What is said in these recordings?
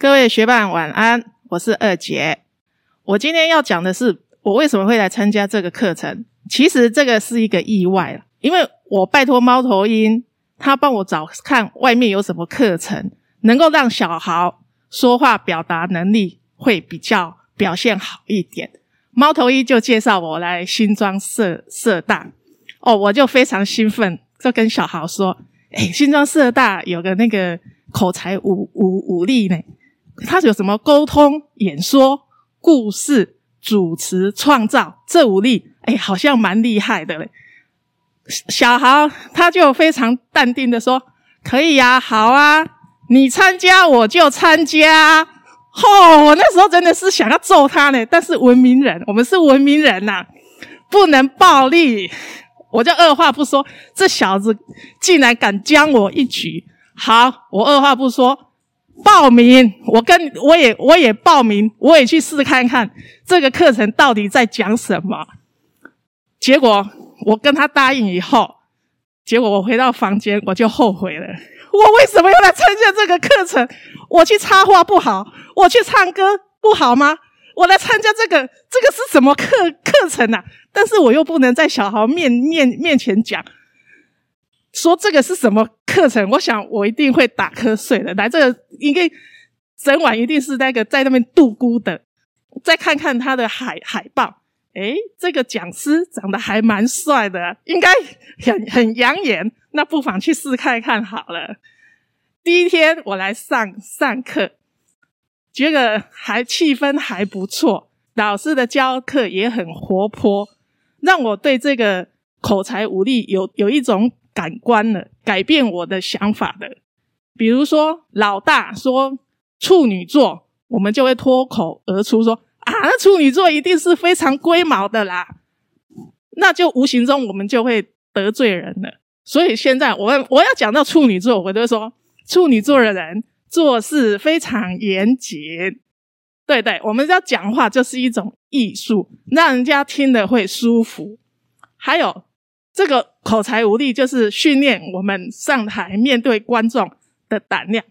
各位學伴晚安，我是二姐。我今天要講的是我為什麼會來參加這個課程。其實這個是一個意外，因為我拜托貓頭鷹，他幫我找看外面有什麼課程能夠讓小豪說話表達能力會比較表現好一點。貓頭鷹就介紹我來新莊社社大。哦，我就非常興奮，就跟小豪說：“誒、欸、新莊社大有個那個口才五五五力呢。”他有什麼溝通、演說、故事、主持、創造這五力？哎，好像蠻厲害的嘞。小豪他就非常淡定的說：“可以呀，啊，好啊，你參加我就參加。”吼！我那時候真的是想要揍他呢，但是文明人，我們是文明人吶，啊，不能暴力。我就二話不說，這小子竟然敢將我一軍。好，我二話不說，報名，我跟我也我也報名，我也去試試看看這個課程到底在講什麼。結果我跟他答應以後，結果我回到房間，我就後悔了。我為什麼要來參加這個課程？我去插花不好，我去唱歌不好嗎？我來參加這個這個是什麼課課程啊？但是我又不能在小孩面面面前講，說這個是什麼？課程，我想我一定會打瞌睡的。來，這個應該整晚一定是那個在那邊度過的。再看看他的海海報，誒，這個講師長得還蠻帥的，應該很很養眼。那不妨去試看一看好了。第一天我來上上課，覺得還氣氛還不錯，老師的教課也很活潑，讓我對這個口才五力有有一種。感官了，改變我的想法的，比如說老大說處女座，我們就會脫口而出說啊，那處女座一定是非常龜毛的啦。那就無形中我們就會得罪人了。所以現在我要我要講到處女座，我就會說處女座的人做事非常嚴謹。對，對對，我們要講話就是一種藝術，讓人家聽得會舒服。還有。這個口才五力，就是訓練我們上台面對觀眾的膽量。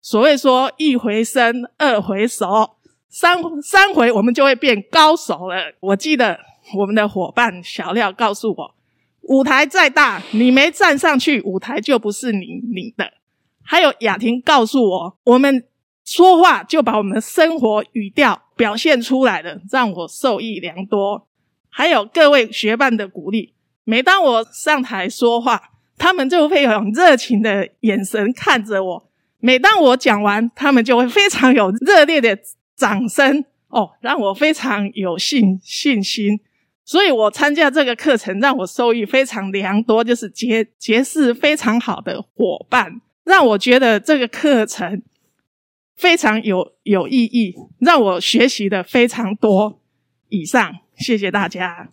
所謂說一回生，二回熟，三三回我們就會變高手了。我記得我們的伙伴小廖告訴我，舞台再大，你沒站上去，舞台就不是你你的。還有雅婷告訴我，我們說話就把我們的生活語調表現出來了，讓我受益良多。還有各位學伴的鼓勵。每當我上台說話，他們就會用熱情的眼神看着我。每當我講完，他們就會非常有熱烈的掌聲哦，讓我非常有信信心。所以，我參加這個課程，讓我受益非常良多，就是結結識非常好的夥伴，讓我覺得這個課程非常有有意義，讓我學習的非常多。以上，謝謝大家。